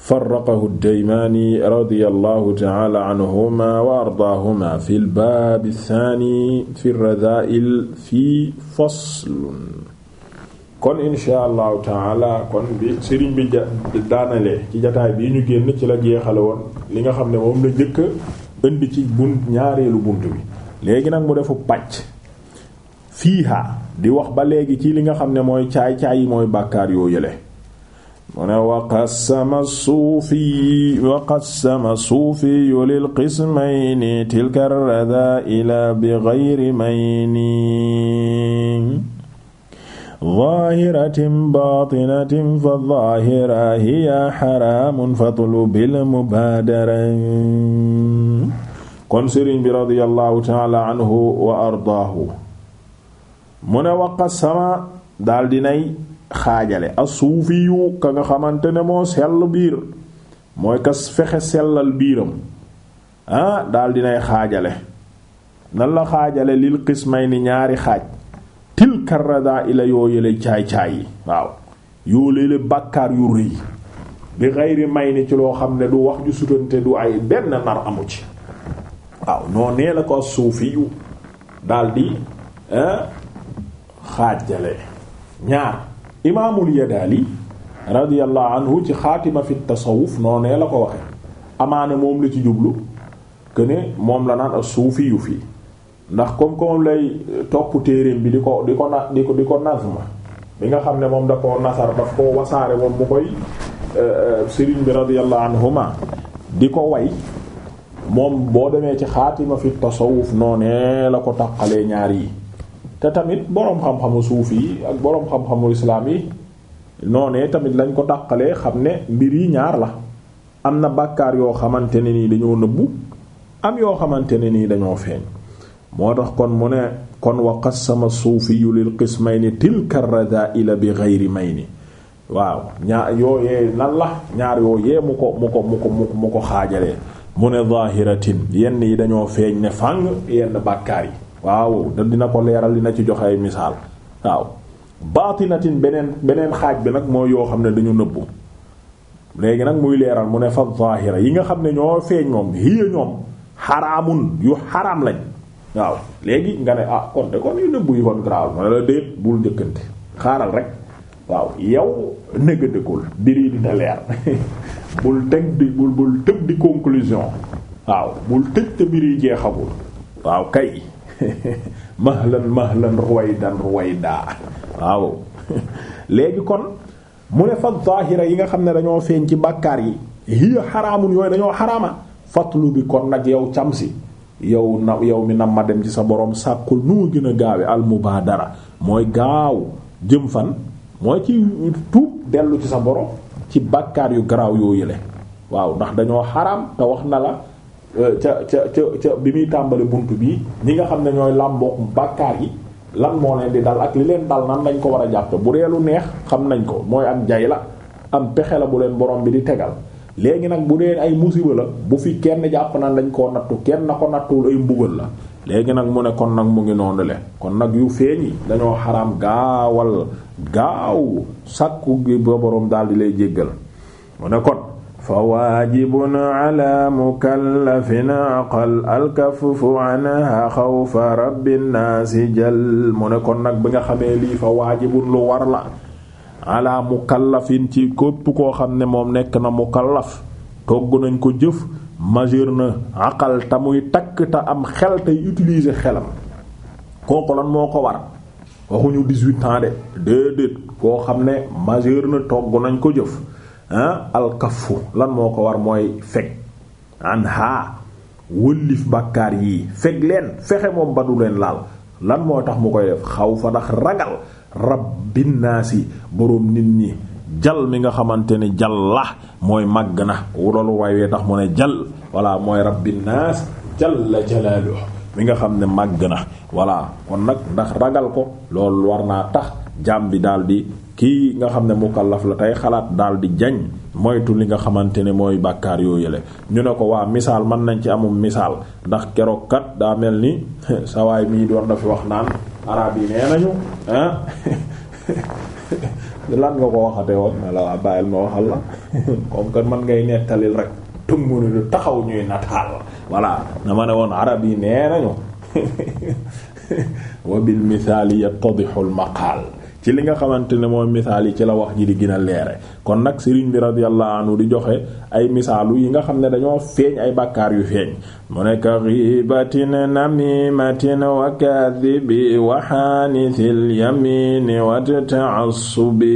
farraqahu ad-Daymaani radiyallahu ta'ala wa ardaahuma fi al-baab ath-thaani fi ar-radhaa'il kon insha allahu taala kon bi sëriñ bi daanale ci jataay bii ñu génn ci la jeexale woon li nga xam ne moom la njëkk indi ci bunt ñaareelu bunt bi léegi nag mu defu pàcc fiiha di wax ba léegi ci li nga xam ne mooy caay-caay yi mooy bàkkaar yoo yële mu ne waqassama suufi waqassama suufiyu lilqismayni tilka rada ila bi gayri mayni zaahiratin baatinatin fa zaahira hiya xaraamun fatlubil mubaadara kon sëriñ bi radiyallahu taala anhu wa ardaahu mu ne waqassama daal dinay xaajale as-suufiyu ka nga xamante ne moo sell biir mooy kas fexe sellal biiram ah daldi nay xaajale nan la xaajale lil may ni ñaari xaaj tilka rada ila yoo yële caay-caay yi waaw yoo léele bàkkaar yu rëy bi xayri may ni ci loo xam ne du wax ju sutante du ay benn nar amu ci waaw noo la ko as-suufiyu daldi di ah, ñaar imaamul Yadaali radiyallahu anhu ci xaatima fi tasawuf noonee la ko waxe amaana moom la ci jublu que ne moom la naan as-suufi yu fii ndax comme que lay topp téereem bi di ko di ko na di ko di ko bi nga xam ne moom da ko nasar daf koo wasaare moom mu koy euh, euh, sëriñ bi radiyallahu anhuma di ko way moom boo demee ci xaatima fi tasawuf noonee la ko taqalee ñaar yi te tamit boroom xam-xamu suufi yi ak boroom xam-xamu islaam yi noonee tamit lañ ko dàqalee xam ne mbir yi ñaar la am na bàkkaar yoo xamante ne nii dañoo nëbbu am yoo xamante ne nii dañoo feeñ moo tax kon mu ne kon wa qassama suufiyu lil qismayni tilka rada'ila bi ghayri mayni waaw ñaar yooyee lan la ñaar yooyee mu ko mu ko mu ko mu ko xaajalee mu ne zaahiratin yenn yi dañoo feeñ ne fàng yenn bàkkaar yi waaw da dina ko leeral dina ci joxe ay misaal waaw baatinatin beneen beneen xaaj bi nag mooy yoo xam ne dañu nëbbu léegi nag muy leeral mu ne fa zaahira yi nga xam ne ñoo feeñ moom hiya ñoom xaraamun yu xaraam lañ waaw léegi nga ne ah kon de kon yu nëbbu yi kon garaawul ma ne la bul njëkkante xaaral rek waaw yow nëgëndëkul mbir yi dina leer bul teg di bul bul tëb di conclusion waaw bul tëj te mbir jeexagul waaw kay mahlan mahlan ruwaydan ruwaydaa waaw léegi kon mu ne fa zaahira yi nga xam ne dañoo feeñ ci bàkkaar yi hiya xaraamun yooyu dañoo xaraama fatlu bi kon nag yow cam si yow na yow mi nam ma dem ci sa boroom sàkkul nu mu gën a gaawe almubaadara mooy gaaw jëm fan mooy ci tuub dellu ci sa boroom ci bàkkaar yu garaaw yoo yële waaw ndax dañoo xaraam te wax na la Euh, ca ca ca ca bi muy tàmbali bunt bi ñi nga xam ne ñooy làmbook bàkkaar yi lan moo leen di dal ak li leen dal nan lañ ko war a jàpp bu dee lu neex xam nañ ko mooy am jay la am pexe la bu leen borom bi di tegal léegi nag bu dee ay musiba la bu fi kenn jàpp nan lañ koo nattu kenn na ko nattuwul ay mbugal la léegi nag mu ne kon nag mu ngi noonu le kon nag yu feeñ yi dañoo xaraam gaawal gaaw sàkku gi ba borom daal di lay jéggal mu ne kon fa waajibun ala mukallafin aqal alkafufu anha xawfa rabbin naasi jël mu ne kon nag bi nga xamee lii fa waajibun lu war la ala mukallafin ci képp koo xam ne moom nekk na mu mukallaf togg nañ ko jëf majeur na aqal te muy takk te am xel tey utiliser xelam kooku lan moo ko war waxuñu 18 ans de koo xam ne majeur na togg nañ ko jëf alkafu lan moo ko war mooy fekk an haa wëllif bàkkaar yii fekk leen fexe moom ba du leen laal lan moo tax mu koy xaw fa ndax ragal rabbin naasi boroom nit ñi jal mi nga xamante ne jal la mooy màgg na loolu waywee tax mu ne jal walla mooy rabbin naas jalla jalaaluhu mi nga xam ne màgg na walla kon nag ndax ragal ko loolu war naa tax jaam bi daal di kii nga xam ne mukallaf la tey xalaat daal di jañ moytu li nga xamante ne mooy bàkkaar yoo yële ñu ne ko waa misaal mën nañ ci amum misaal ndax keroog kat daa mel ni sawaay mii doon dafa wax naan arab yi nee nañu ah lan ngay nettalil rek taxaw ñuy nataal voilà arab yi nee nañu wa bil misaali yattadixu al maqaal ci li nga xamante ne mooy misaal yi ci la wax ji di gën a leere kon nag sëriñ bi radiyallahu anhu di joxe ay misaalu yi nga xam ne dañoo feeñ ay bàkkaar yu feeñ mu ne ka ghibatin namimatin wa kadhibi wa hanithil yamini wa ta'assubi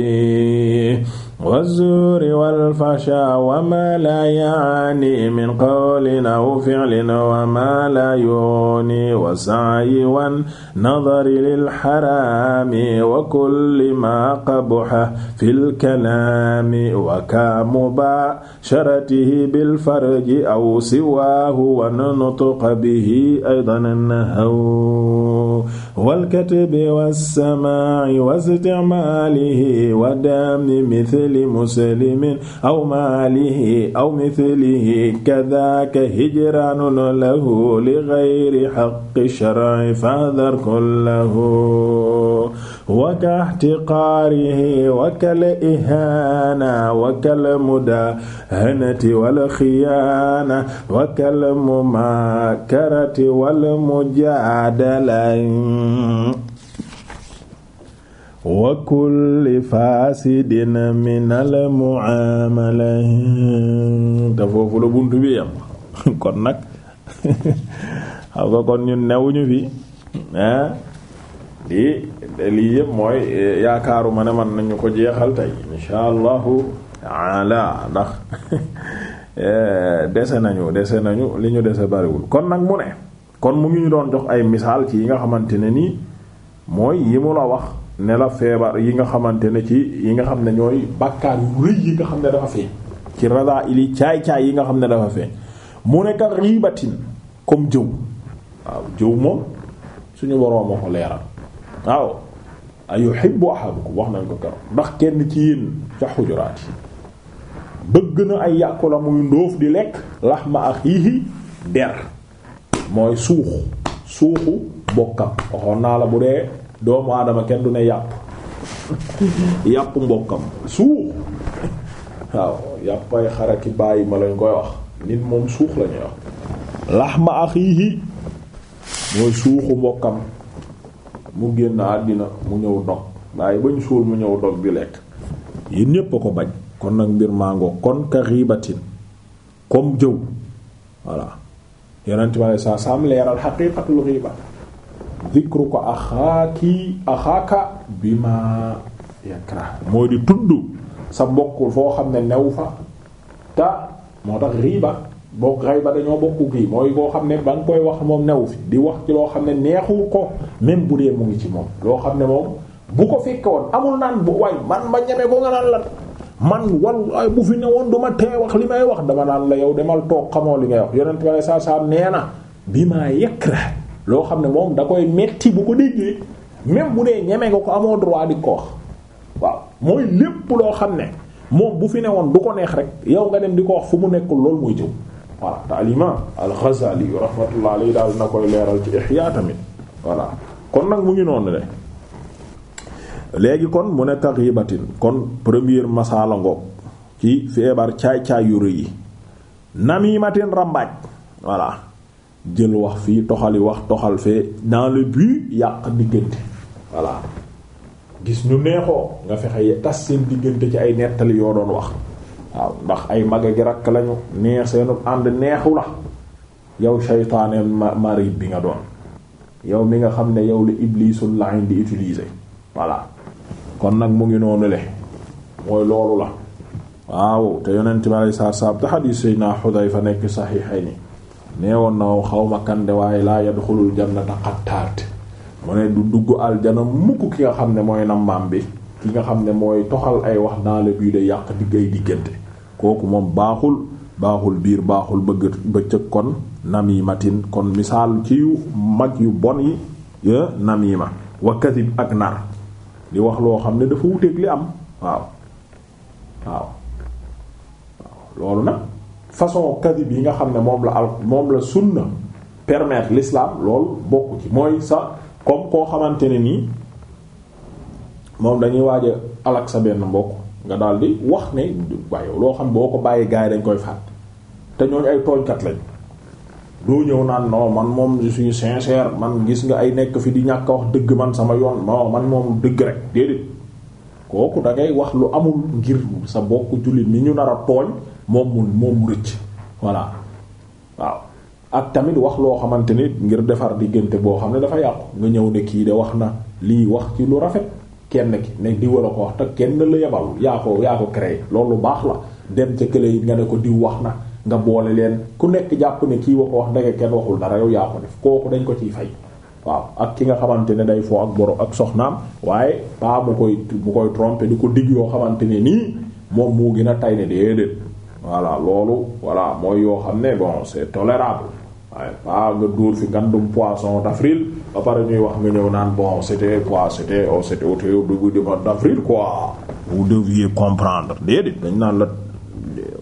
wazzuuri walfasha wa ma la yaani min qawlin aw fi'lin wa ma la yughni wa sa'yi wan nadari lil haraami wa kulli ma qabuha fil kalaami wa ka mubaasharatihi bil farji aw siwaahu wa nutqa bihi aydan nahwu wal katbi was samaa'i wa isticmaalihi wa daami mithli li muslimin aw maalihi aw mithlihi kadaka hijranun lahu li ghayri haqqi shar'i fadhar kullahu wa ka ihtiqarihi wa kal ihana wa kal mudahanati wal khiyana wa kal mumakarati wal mujadala wa kulli faasidin min al muamala te foofu la bunt bi yam kon nag xam nga kon ñun newuñu fi ah lii lii yëpp mooy eh, yaakaaruma ne man nañu ko jeexal tey insha allahu ala ndax eh, dese nañu dese nañu li ñu dese bariwul kon nag mu ne kon mu ngi ñu doon jox ay misaal ci yi nga xamante ne nii mooy yi mu la wax ne la feebar yi nga xamante ne ci yi nga xam ne ñooy bàkkaar yu rëy yi nga xam ne dafa feeñ ci rada ili caay-caay yi nga xam ne dafa feeñ mu nekk riibatin comme jëw waaw jëw moom suñu boroom a ko leeral waaw ayuhibbu ahadukum wax nañ ko keroog ndax kenn ci yéen ca xujuraat bëgg na ay yàqu la muy ndóof di lekk lahma axiihi der mooy suux suuxu bokkam waxoon naa la bu dee doomu aadama kenn du ne yàpp yàpp mbokkam suux waaw yàppay xaraki bàyyi ma lañ koy wax nit moom suux la ñuy wax laxma axiihi mooy suuxu mbokkam mu génn àddina mu ñëw dog bàyyi bañ suul mu ñëw dog bi lekk yéen ñépp a ko bañ kon nag mbir màngo kon ka riibatin comme jëw voilà yonent bi saa salaam leeral xaqiiqatul riiba zikru ko axaaki axaaka bi ma yakra mooy di tudd sa mbokk foo xam ne new fa te moo tax ba riiba boo riiba dañoo bokku kii mooy boo xam ne ba nga koy wax moom new fi di wax ci loo xam ne neexul ko même bu dee mu ngi ci moom loo xam ne moom bu ko fekke woon amul naan bu waay man ma ñeme ko nga naan lan man wal bu fi ne woon du ma tee wax li may wax dama naan la yow demal toog xamoo li ngay wax yonent bi sallallahu alayhi wasallam nee na bi ma yakra loo xam ne moom da koy metti bu ko déggee même bu dee ñeme nga ko amoo droit di ko waaw mooy lépp loo xam ne moom bu fi ne woon du ko neex rek yow nga dem di ko wax fu mu nekkul loolu mooy jëw voilà te al imam al daal na koy leeral ci Ihya tamit voilà kon nag mu ngi noonu le léegi kon mu ne taxibatin kon première masala ngoog ci feebar caay-caay yu rëy yi namimatin rambaaj voilà jël wax fii toxali wax toxal fee dans le but yàq diggante voilà gis ñu neexoo nga fexe tas seen diggante ci ay nettali yoo doon wax waaw ndax ay mag gi rakk lañu neex seenu ànd neexu la yow shaytaane maride bi nga doon yow mi nga xam ne yow lu iblisul lain di utilise voilà kon nag mu ngi noonu le mooy loolu la waaw te yonent bi alei saatu salaam te xadiis Seydina fa nekk saxiixayni neewoon na moom xaw ma kande waaye laa yadxulul jannata xattaat mu ne du dugg aljana mukk ki nga xam ne mooy nammaam bi ki nga xam ne mooy toxal ay wax dans le but de yàq digg ay diggante kooku moom baaxul baaxul biir baaxul bëgg bëccëg kon namimatin kon misaal ci yu mag yu bon yi namima wa kadib ak nar li wax loo xam ne dafa wuteeg li am waaw waaw loolu nag façon kadib yi nga xam ne moom la al moom la sunna permettre l'islam lool bokk ci mooy sax comme koo xamante ne nii moom dañuy waaj a sa benn mbokk nga daal di wax ne waaye loo xam boo ko bàyyi gars yi dañ koy faat te ñooñu ay tooñkat lañ doo ñëw naan non man moom suñu suis man gis nga ay nekk fi di ñàkk wax dëgg man sama yoon non man moom dëgg rek déedéet. kooku da ngay wax lu amul ngir sa bokk jullit ni ñu nar a tooñ moom mu moom mu rëcc voilà waaw ak tamit wax loo xamante ni ngir defar diggante boo xam ne dafa yàqu nga ñëw ne kii de wax na lii wax ci lu rafet kenn ki ne diw la ko wax te kenn la yebal yaa ko yaa ko créé loolu baax la dem ca kële yi nga ne ko diw wax na nga boole leen ku nekk jàpp ne kii wa wax ndege kenn waxul dara yow yaa ko def kooku dañ ko ciy fay waaw ak ki nga xamante ne day foo ak boro ak soxnaam waaye paa mu koy mu koy tromper di ko digg yoo xamante ne nii moom moo gën a tay ne déedéet voilà loolu voilà mooy yoo xam ne bon c'est tolérable waaye paa nga dóor fi ngandum poisson d'avril ba pare ñuy wax nga ñëw naan bon c'était quoi c'était oh c'était au début du mois d'avril quoi vous deviez comprendre déedéet dañ naan la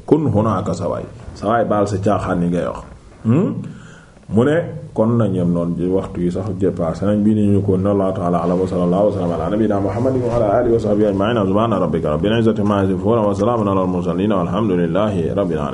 kon xonaaka sa waay sa waay baal sa caaxaan yi ngay wax hmm? mu ne kon nañ yem noonu ci waxtu yi sax dépassé nañ bii ni ñu ko Allahu ta'ala a'lam wa sallallahu wa sallama ala nabiyyina Muhammadin wa ala alihi wa sahbihi ajma'in subhana rabbika rabbil izzati amma yasifun wa salamun ala al mursalin walhamdulillahi rabbil alamin